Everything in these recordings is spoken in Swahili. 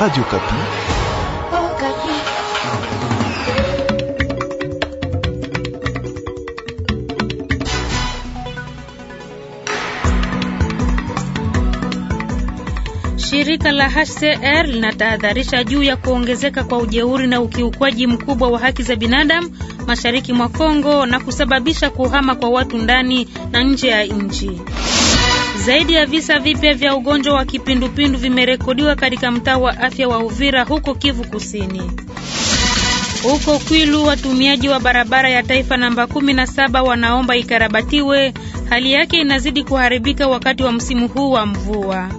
Radio Kapi. Oh, Kapi. Shirika la HCR linatahadharisha juu ya kuongezeka kwa ujeuri na ukiukwaji mkubwa wa haki za binadamu mashariki mwa Kongo na kusababisha kuhama kwa watu ndani na nje ya nchi. Zaidi ya visa vipya vya ugonjwa wa kipindupindu vimerekodiwa katika mtaa wa afya wa Uvira huko Kivu Kusini. Huko Kwilu watumiaji wa barabara ya taifa namba 17 wanaomba ikarabatiwe. Hali yake inazidi kuharibika wakati wa msimu huu wa mvua.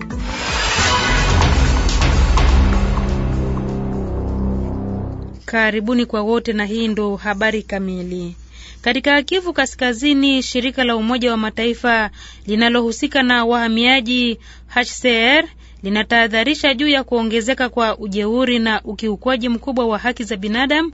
Karibuni kwa wote na hii ndo habari kamili. Katika Kivu Kaskazini, shirika la Umoja wa Mataifa linalohusika na wahamiaji HCR linatahadharisha juu ya kuongezeka kwa ujeuri na ukiukwaji mkubwa wa haki za binadamu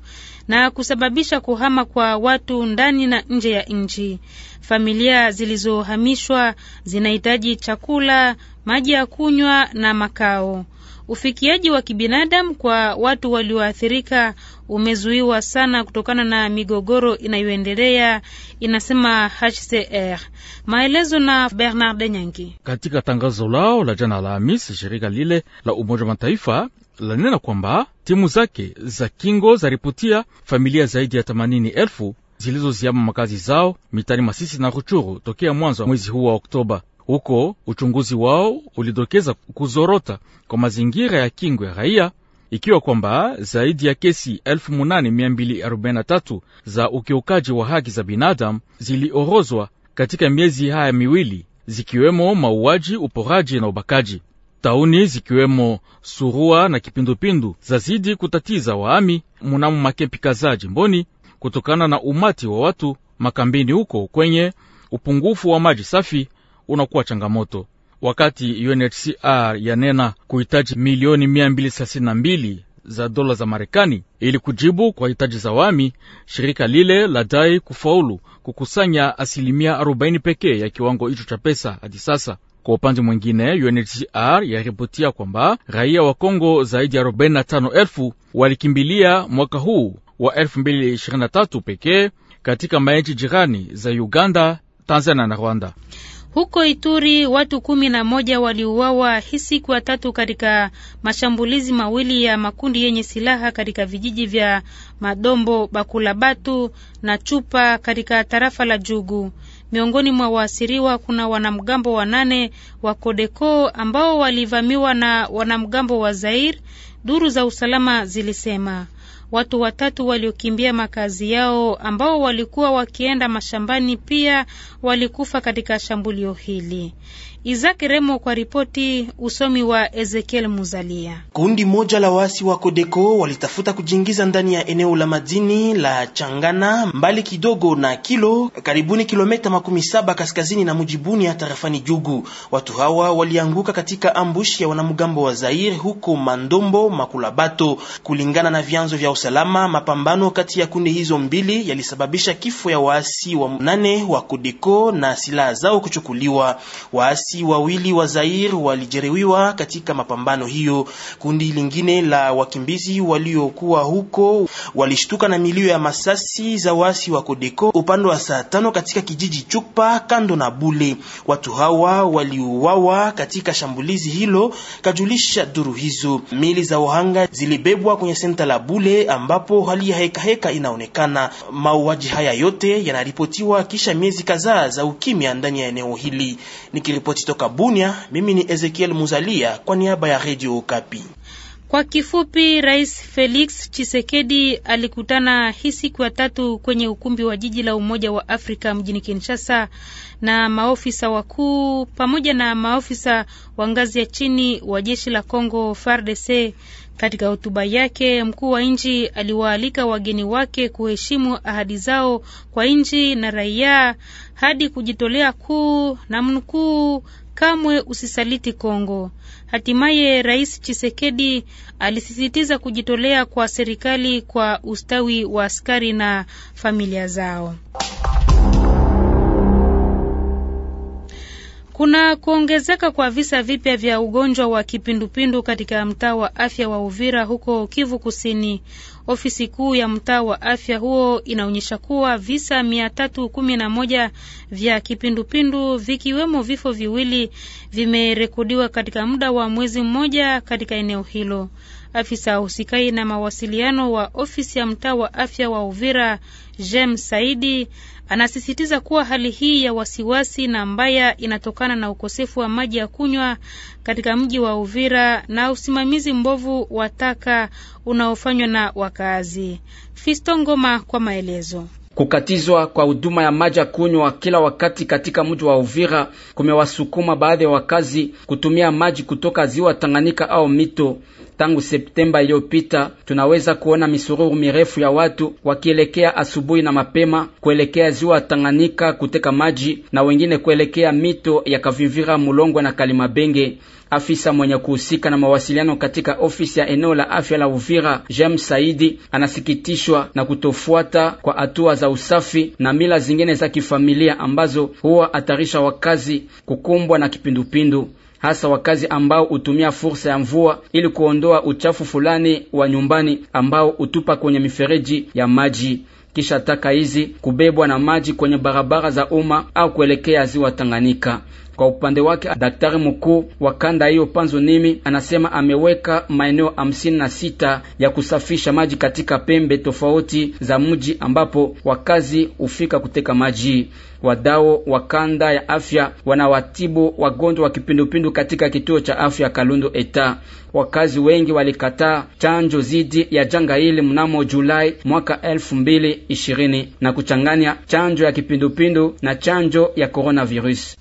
na kusababisha kuhama kwa watu ndani na nje ya nchi. Familia zilizohamishwa zinahitaji chakula, maji ya kunywa na makao. Ufikiaji wa kibinadamu kwa watu walioathirika umezuiwa sana kutokana na migogoro inayoendelea, inasema HCR. Maelezo na Bernard Nyangi. Katika tangazo lao la jana Alhamisi, shirika lile la Umoja wa Mataifa lanena kwamba timu zake za kingo za ripotia familia zaidi ya 80 elfu zilizoziama makazi zao mitani Masisi na Ruchuru tokea mwanzo mwezi huu wa Oktoba. Huko uchunguzi wao ulidokeza kuzorota kwa mazingira ya kingo ya raia, ikiwa kwamba zaidi ya kesi 8243 za ukiukaji wa haki za binadamu ziliorozwa katika miezi haya miwili, zikiwemo mauaji, uporaji na ubakaji. Tauni zikiwemo surua na kipindupindu zazidi kutatiza waami munamo Makempi kadhaa jimboni kutokana na umati wa watu makambini huko kwenye upungufu wa maji safi unakuwa changamoto wakati UNHCR yanena kuhitaji milioni 232 za dola za Marekani ili kujibu kwa hitaji za wami. Shirika lile ladai kufaulu kukusanya asilimia 40 pekee ya kiwango hicho cha pesa hadi sasa. Kwa upande mwingine, UNHCR yaripotia kwamba raia wa Kongo zaidi ya 45,000 walikimbilia mwaka huu wa 2023 pekee katika maenchi jirani za Uganda, Tanzania na Rwanda. Huko Ituri watu kumi na moja waliuawa hii siku ya tatu katika mashambulizi mawili ya makundi yenye silaha katika vijiji vya Madombo, Bakulabatu na Chupa katika tarafa la Jugu. Miongoni mwa waasiriwa kuna wanamgambo wanane wa Kodeko ambao walivamiwa na wanamgambo wa Zair, duru za usalama zilisema watu watatu waliokimbia makazi yao ambao walikuwa wakienda mashambani pia walikufa katika shambulio hili. Isaac Remo kwa ripoti usomi wa Ezekiel Muzalia. Kundi moja la waasi wa Kodeko walitafuta kujiingiza ndani ya eneo la madini la Changana mbali kidogo na Kilo, karibuni kilomita makumi saba kaskazini na mujibuni ya tarafani Jugu. Watu hawa walianguka katika ambushi ya wanamgambo wa Zaire huko Mandombo Makulabato. Kulingana na vyanzo vya usalama, mapambano kati ya kundi hizo mbili yalisababisha kifo ya waasi wa nane wa Kodeko na silaha zao kuchukuliwa waasi waasi wawili wa Zaire walijeruhiwa katika mapambano hiyo. Kundi lingine la wakimbizi waliokuwa huko walishtuka na milio ya masasi za waasi wa Kodeko upande wa saa tano katika kijiji Chukpa kando na Bule. Watu hawa waliuawa katika shambulizi hilo, kajulisha duru hizo. Mili za wahanga zilibebwa kwenye senta la Bule ambapo hali ya hekaheka inaonekana. Mauaji haya yote yanaripotiwa kisha miezi kadhaa za ukimya ndani ya eneo hili. Nikiripoti Nikiripoti toka Bunia, mimi ni Ezekiel Muzalia kwa niaba ya Radio Kapi. Kwa kifupi, Rais Felix chisekedi alikutana hii siku ya tatu kwenye ukumbi wa jiji la Umoja wa Afrika mjini Kinshasa na maofisa wakuu pamoja na maofisa wa ngazi ya chini wa jeshi la Kongo FARDC katika hotuba yake, mkuu wa nchi aliwaalika wageni wake kuheshimu ahadi zao kwa nchi na raia hadi kujitolea kuu na mnukuu, kamwe usisaliti Kongo. Hatimaye Rais Chisekedi alisisitiza kujitolea kwa serikali kwa ustawi wa askari na familia zao. Kuna kuongezeka kwa visa vipya vya ugonjwa wa kipindupindu katika mtaa wa afya wa Uvira huko Kivu Kusini. Ofisi kuu ya mtaa wa afya huo inaonyesha kuwa visa mia tatu kumi na moja vya kipindupindu vikiwemo vifo viwili vimerekodiwa katika muda wa mwezi mmoja katika eneo hilo. Afisa husikayi na mawasiliano wa ofisi ya mtaa wa afya wa Uvira, Jem Saidi, anasisitiza kuwa hali hii ya wasiwasi na mbaya inatokana na ukosefu wa maji ya kunywa katika mji wa Uvira na usimamizi mbovu wa taka unaofanywa na wakaazi Fisto Ngoma kwa maelezo. Kukatizwa kwa huduma ya maji ya kunywa kila wakati katika mji wa Uvira kumewasukuma baadhi ya wakazi kutumia maji kutoka ziwa Tanganyika au mito. Tangu Septemba iliyopita tunaweza kuona misururu mirefu ya watu wakielekea asubuhi na mapema kuelekea ziwa Tanganyika kuteka maji na wengine kuelekea mito ya Kavivira, Mulongwa na Kalimabenge. Afisa mwenye kuhusika na mawasiliano katika ofisi ya eneo la afya la Uvira, James Saidi, anasikitishwa na kutofuata kwa hatua za usafi na mila zingine za kifamilia ambazo huwa hatarisha wakazi kukumbwa na kipindupindu hasa wakazi ambao hutumia fursa ya mvua ili kuondoa uchafu fulani wa nyumbani ambao hutupa kwenye mifereji ya maji kisha taka hizi kubebwa na maji kwenye barabara za umma au kuelekea ziwa Tanganyika. Kwa upande wake daktari mkuu wa kanda hiyo Panzo Nimi anasema ameweka maeneo hamsini na sita ya kusafisha maji katika pembe tofauti za mji ambapo wakazi hufika kuteka maji. wadao wa kanda ya afya wanawatibu wagonjwa wa kipindupindu katika kituo cha afya Kalundu Eta. Wakazi wengi walikataa chanjo dhidi ya janga hili mnamo Julai mwaka elfu mbili ishirini na kuchanganya chanjo ya kipindupindu na chanjo ya coronavirus.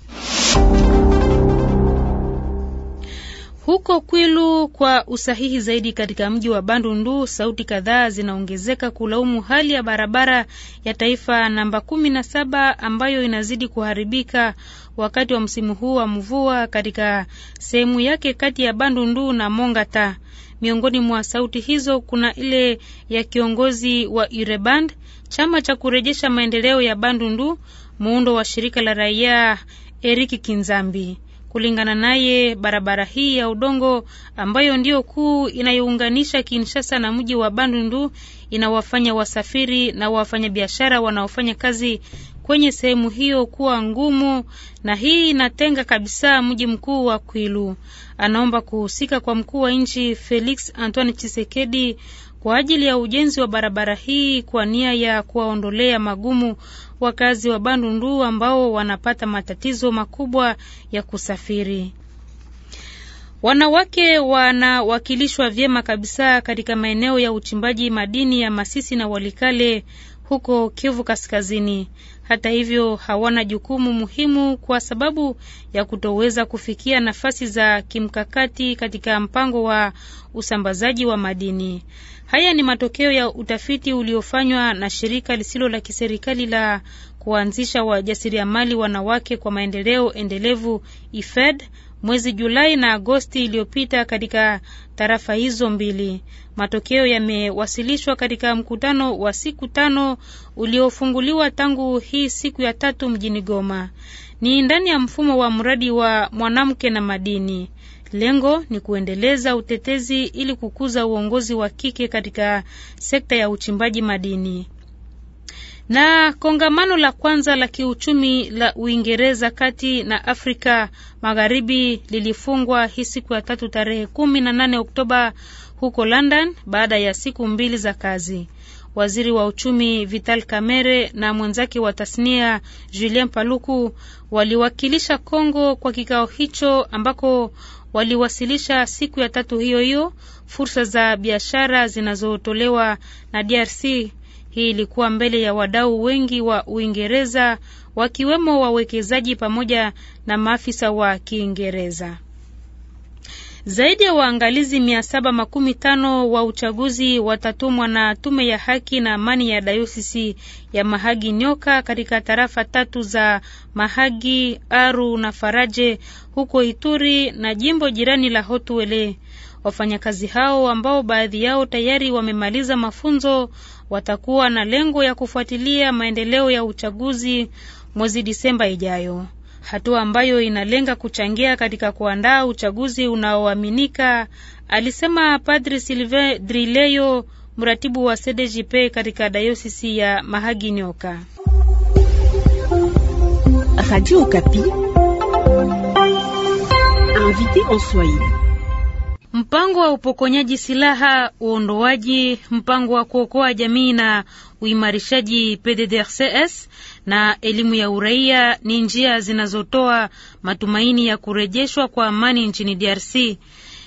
Huko Kwilu, kwa usahihi zaidi, katika mji wa Bandundu, sauti kadhaa zinaongezeka kulaumu hali ya barabara ya taifa namba kumi na saba ambayo inazidi kuharibika wakati wa msimu huu wa mvua katika sehemu yake kati ya Bandundu na Mongata. Miongoni mwa sauti hizo kuna ile ya kiongozi wa Ureband, chama cha kurejesha maendeleo ya Bandundu, muundo wa shirika la raia Eriki Kinzambi. Kulingana naye, barabara hii ya udongo ambayo ndiyo kuu inayounganisha Kinshasa na mji wa Bandundu inawafanya wasafiri na wafanyabiashara wanaofanya kazi kwenye sehemu hiyo kuwa ngumu, na hii inatenga kabisa mji mkuu wa Kwilu. Anaomba kuhusika kwa mkuu wa nchi Felix Antoine Tshisekedi kwa ajili ya ujenzi wa barabara hii kwa nia ya kuwaondolea magumu wakazi wa Bandundu ambao wanapata matatizo makubwa ya kusafiri. Wanawake wanawakilishwa vyema kabisa katika maeneo ya uchimbaji madini ya Masisi na Walikale huko Kivu Kaskazini. Hata hivyo, hawana jukumu muhimu kwa sababu ya kutoweza kufikia nafasi za kimkakati katika mpango wa usambazaji wa madini. Haya ni matokeo ya utafiti uliofanywa na shirika lisilo la kiserikali la kuanzisha wajasiriamali wanawake kwa maendeleo endelevu IFED mwezi Julai na Agosti iliyopita katika tarafa hizo mbili. Matokeo yamewasilishwa katika mkutano wa siku tano uliofunguliwa tangu hii siku ya tatu mjini Goma. Ni ndani ya mfumo wa mradi wa mwanamke na madini. Lengo ni kuendeleza utetezi ili kukuza uongozi wa kike katika sekta ya uchimbaji madini. Na kongamano la kwanza la kiuchumi la Uingereza kati na Afrika Magharibi lilifungwa hii siku ya tatu tarehe kumi na nane Oktoba huko London baada ya siku mbili za kazi. Waziri wa uchumi Vital Kamerhe na mwenzake wa tasnia Julien Paluku waliwakilisha Kongo kwa kikao hicho ambako waliwasilisha siku ya tatu hiyo hiyo fursa za biashara zinazotolewa na DRC. Hii ilikuwa mbele ya wadau wengi wa Uingereza wakiwemo wawekezaji pamoja na maafisa wa Kiingereza. Zaidi ya waangalizi mia saba makumi tano wa uchaguzi watatumwa na tume ya haki na amani ya dayosisi ya Mahagi Nyoka katika tarafa tatu za Mahagi, Aru na Faraje huko Ituri na jimbo jirani la Hotuele. Wafanyakazi hao ambao baadhi yao tayari wamemaliza mafunzo watakuwa na lengo ya kufuatilia maendeleo ya uchaguzi mwezi Disemba ijayo hatua ambayo inalenga kuchangia katika kuandaa uchaguzi unaoaminika, alisema Padre Sylvain Drileyo, mratibu wa CDJP katika dayosisi ya Mahagi Nyoka. Radio Okapi, invité en Swahili mpango wa upokonyaji silaha, uondoaji, mpango wa kuokoa jamii na uimarishaji PDDRCS na elimu ya uraia ni njia zinazotoa matumaini ya kurejeshwa kwa amani nchini DRC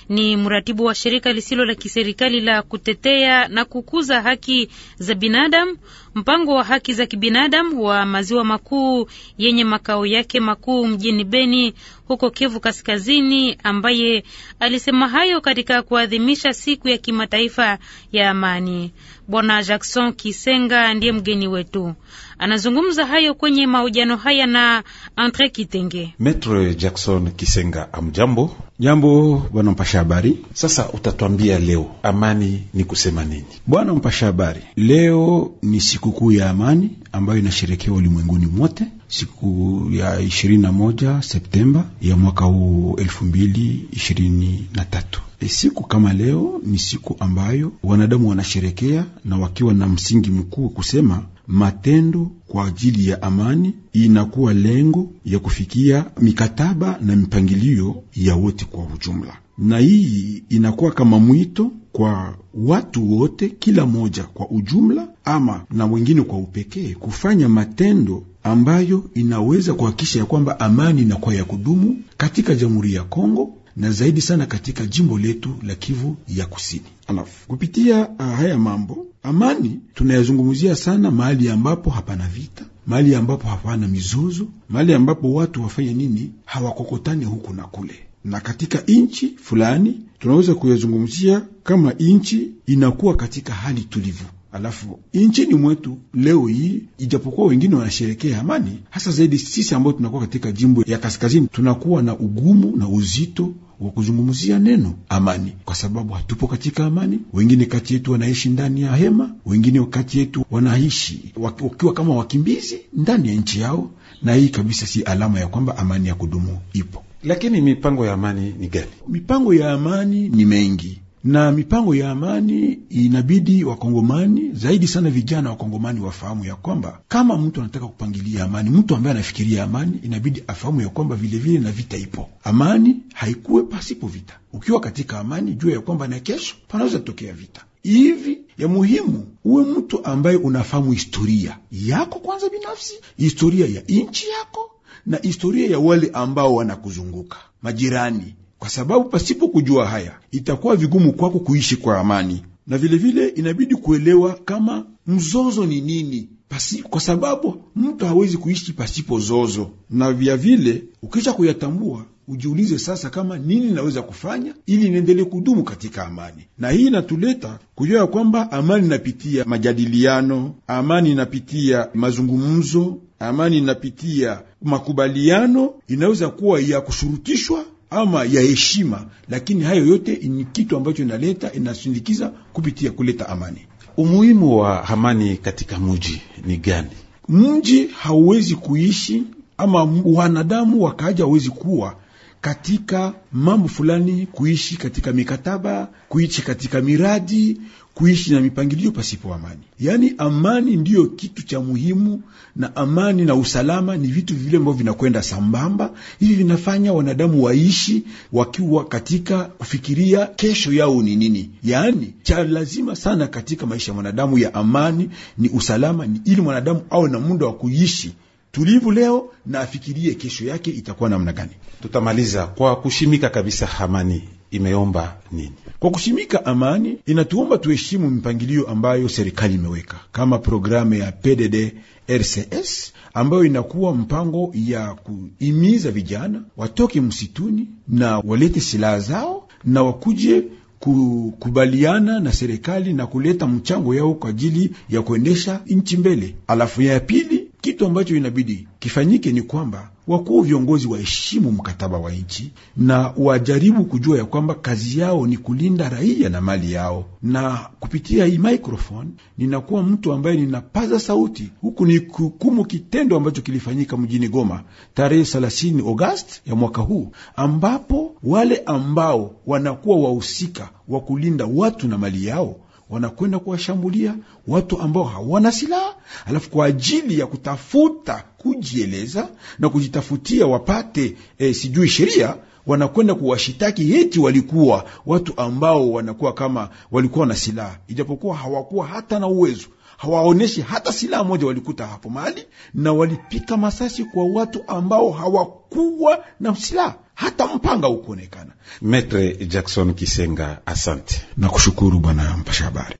ni mratibu wa shirika lisilo la kiserikali la kutetea na kukuza haki za binadamu, mpango wa haki za kibinadamu wa maziwa makuu yenye makao yake makuu mjini Beni huko Kivu Kaskazini, ambaye alisema hayo katika kuadhimisha siku ya kimataifa ya amani. Bwana Jackson Kisenga ndiye mgeni wetu, anazungumza hayo kwenye mahojiano haya na Andre Kitenge. Metro Jackson Kisenga, amjambo. Jambo bwana mpasha habari. Sasa utatwambia leo amani ni kusema nini? Bwana mpasha habari, leo ni sikukuu ya amani ambayo inasherekewa ulimwenguni mwote siku ya 21 Septemba ya mwaka huu 2023. E, siku kama leo ni siku ambayo wanadamu wanasherekea na wakiwa na msingi mkuu kusema matendo kwa ajili ya amani inakuwa lengo ya kufikia mikataba na mipangilio ya wote kwa ujumla, na hii inakuwa kama mwito kwa watu wote, kila moja kwa ujumla ama na wengine kwa upekee, kufanya matendo ambayo inaweza kuhakikisha ya kwamba amani inakuwa ya kudumu katika Jamhuri ya Kongo na zaidi sana katika jimbo letu la Kivu ya Kusini. Alafu kupitia ah, haya mambo Amani tunayazungumzia sana mahali ambapo hapana vita, mahali ambapo hapana mizozo, mahali ambapo watu wafanye nini, hawakokotane huku na kule. Na katika inchi fulani tunaweza kuyazungumzia kama inchi inakuwa katika hali tulivu Alafu nchini mwetu leo hii, ijapokuwa wengine wanasherekea amani, hasa zaidi sisi ambao tunakuwa katika jimbo ya kaskazini, tunakuwa na ugumu na uzito wa kuzungumzia neno amani, kwa sababu hatupo katika amani. Wengine kati yetu wanaishi ndani ya hema, wengine kati yetu wanaishi wakiwa kama wakimbizi ndani ya nchi yao, na hii kabisa si alama ya kwamba amani ya kudumu ipo. Lakini mipango ya amani ni gani? Mipango ya amani ni mengi na mipango ya amani inabidi wakongomani zaidi sana vijana wakongomani wafahamu ya kwamba kama mtu anataka kupangilia amani, mtu ambaye anafikiria amani inabidi afahamu ya kwamba vilevile na vita ipo. Amani haikuwe pasipo vita. Ukiwa katika amani, jua ya kwamba na kesho panaweza tokea vita hivi. Ya muhimu uwe mtu ambaye unafahamu historia yako kwanza, binafsi, historia ya nchi yako na historia ya wale ambao wanakuzunguka majirani kwa sababu pasipo kujua haya itakuwa vigumu kwako kuishi kwa amani, na vilevile vile inabidi kuelewa kama mzozo ni nini pasi, kwa sababu mtu hawezi kuishi pasipo zozo, na vya vile ukisha kuyatambua ujiulize sasa kama nini naweza kufanya ili niendelee kudumu katika amani. Na hii inatuleta kujua ya kwamba amani inapitia majadiliano, amani inapitia mazungumzo, amani inapitia makubaliano, inaweza kuwa ya kushurutishwa ama ya heshima, lakini hayo yote ni kitu ambacho inaleta inasindikiza kupitia kuleta amani. Umuhimu wa amani katika mji ni gani? Mji hauwezi kuishi ama wanadamu wakaaja hawezi kuwa katika mambo fulani, kuishi katika mikataba, kuishi katika miradi, kuishi na mipangilio pasipo amani. Yaani amani ndiyo kitu cha muhimu, na amani na usalama ni vitu vile ambavyo vinakwenda sambamba. Hivi vinafanya wanadamu waishi wakiwa katika kufikiria kesho yao ni nini. Yaani cha lazima sana katika maisha ya mwanadamu ya amani ni usalama, ni ili mwanadamu awe na muda wa kuishi tulivu leo na afikirie kesho yake itakuwa namna gani. Tutamaliza kwa kushimika kabisa amani imeomba nini? Kwa kushimika amani inatuomba tuheshimu mipangilio ambayo serikali imeweka kama programu ya PDD RCS ambayo inakuwa mpango ya kuimiza vijana watoke msituni na walete silaha zao na wakuje kukubaliana na serikali na kuleta mchango yao kwa ajili ya kuendesha nchi mbele. Alafu ya pili kitu ambacho inabidi kifanyike ni kwamba wakuu viongozi waheshimu mkataba wa nchi na wajaribu kujua ya kwamba kazi yao ni kulinda raia na mali yao. Na kupitia hii microphone ninakuwa mtu ambaye ninapaza sauti huku ni kukumu kitendo ambacho kilifanyika mjini Goma tarehe 30 Agosti ya mwaka huu, ambapo wale ambao wanakuwa wahusika wa kulinda watu na mali yao wanakwenda kuwashambulia watu ambao hawana silaha, alafu kwa ajili ya kutafuta kujieleza na kujitafutia wapate e, sijui sheria wanakwenda kuwashitaki heti walikuwa watu ambao wanakuwa kama walikuwa na silaha, ijapokuwa hawakuwa hata na uwezo, hawaoneshi hata silaha moja walikuta hapo mahali, na walipika masasi kwa watu ambao hawakuwa na silaha hata mpanga ukuonekana. Metre Jackson Kisenga, asante na kushukuru bwana mpasha habari.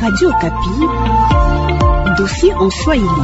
Radio Kapi, dosi en Swahili.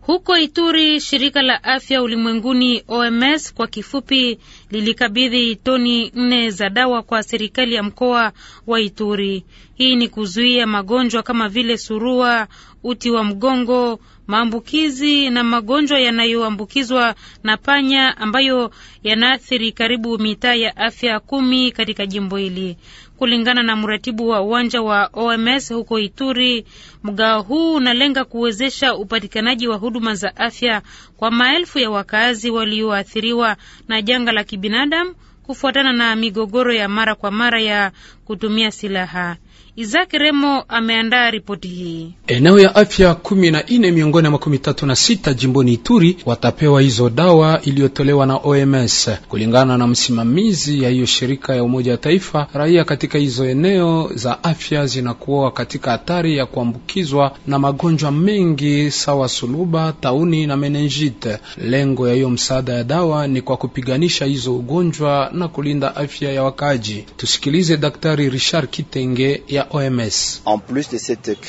Huko Ituri, shirika la afya ulimwenguni OMS kwa kifupi lilikabidhi toni nne za dawa kwa serikali ya mkoa wa Ituri. Hii ni kuzuia magonjwa kama vile surua, uti wa mgongo, maambukizi na magonjwa yanayoambukizwa na panya ambayo yanaathiri karibu mitaa ya afya kumi katika jimbo hili. Kulingana na mratibu wa uwanja wa OMS huko Ituri, mgao huu unalenga kuwezesha upatikanaji wa huduma za afya kwa maelfu ya wakazi walioathiriwa na janga la kibinadamu kufuatana na migogoro ya mara kwa mara ya kutumia silaha. Isaac Remo ameandaa ripoti hii. Eneo ya afya kumi na nne miongoni mwa makumi tatu na sita jimboni Ituri watapewa hizo dawa iliyotolewa na OMS kulingana na msimamizi ya hiyo shirika ya Umoja wa Taifa. Raia katika hizo eneo za afya zinakuwa katika hatari ya kuambukizwa na magonjwa mengi sawa suluba, tauni na meningite. Lengo ya hiyo msaada ya dawa ni kwa kupiganisha hizo ugonjwa na kulinda afya ya wakaaji. Tusikilize Daktari Richard Kitenge ya OMS.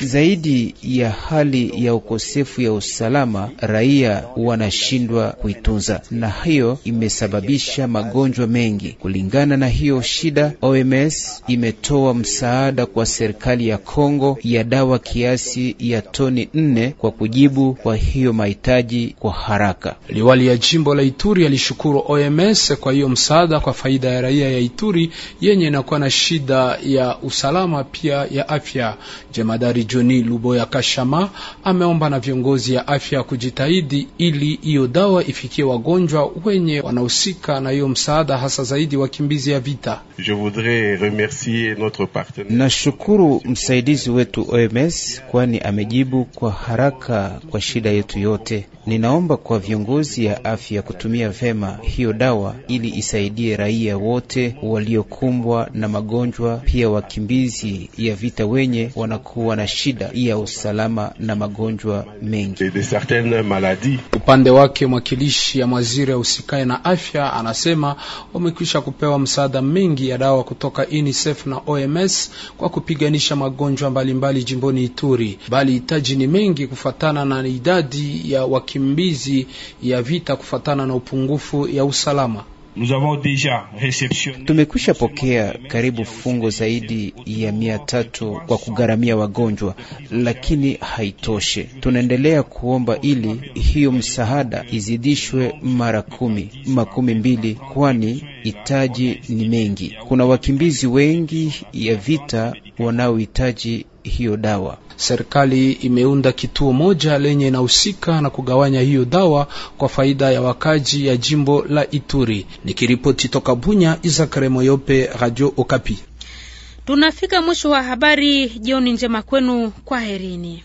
Zaidi ya hali ya ukosefu ya usalama, raia wanashindwa kuitunza, na hiyo imesababisha magonjwa mengi. Kulingana na hiyo shida, OMS imetoa msaada kwa serikali ya Kongo ya dawa kiasi ya toni nne kwa kujibu kwa hiyo mahitaji kwa haraka. Liwali ya jimbo la Ituri alishukuru OMS kwa hiyo msaada kwa faida ya raia ya Ituri yenye inakuwa na shida ya usalama pia mpya ya afya. Jemadari joni Luboya Kashama ameomba na viongozi ya afya kujitahidi ili hiyo dawa ifikie wagonjwa wenye wanahusika na hiyo msaada, hasa zaidi wakimbizi ya vita. Nashukuru msaidizi wetu OMS, kwani amejibu kwa haraka kwa shida yetu yote. Ninaomba kwa viongozi ya afya kutumia vema hiyo dawa ili isaidie raia wote waliokumbwa na magonjwa, pia wakimbizi ya vita wenye wanakuwa na shida ya usalama na magonjwa mengi. Upande wake mwakilishi ya mwaziri ya usikae na afya anasema wamekwisha kupewa msaada mengi ya dawa kutoka UNICEF na OMS kwa kupiganisha magonjwa mbalimbali mbali jimboni Ituri, bali hitaji ni mengi kufatana na idadi ya wakilishi wakimbizi ya vita kufatana na upungufu ya usalama. Tumekwisha pokea karibu fungo zaidi ya mia tatu kwa kugharamia wagonjwa, lakini haitoshi. Tunaendelea kuomba ili hiyo msaada izidishwe mara kumi, makumi mbili, kwani hitaji ni mengi. Kuna wakimbizi wengi ya vita wanaohitaji hiyo dawa. Serikali imeunda kituo moja lenye inahusika na kugawanya hiyo dawa kwa faida ya wakaji ya jimbo la Ituri. Nikiripoti toka Bunya, Izakare Moyope, Radio Okapi. Tunafika mwisho wa habari. Jioni njema kwenu, kwaherini.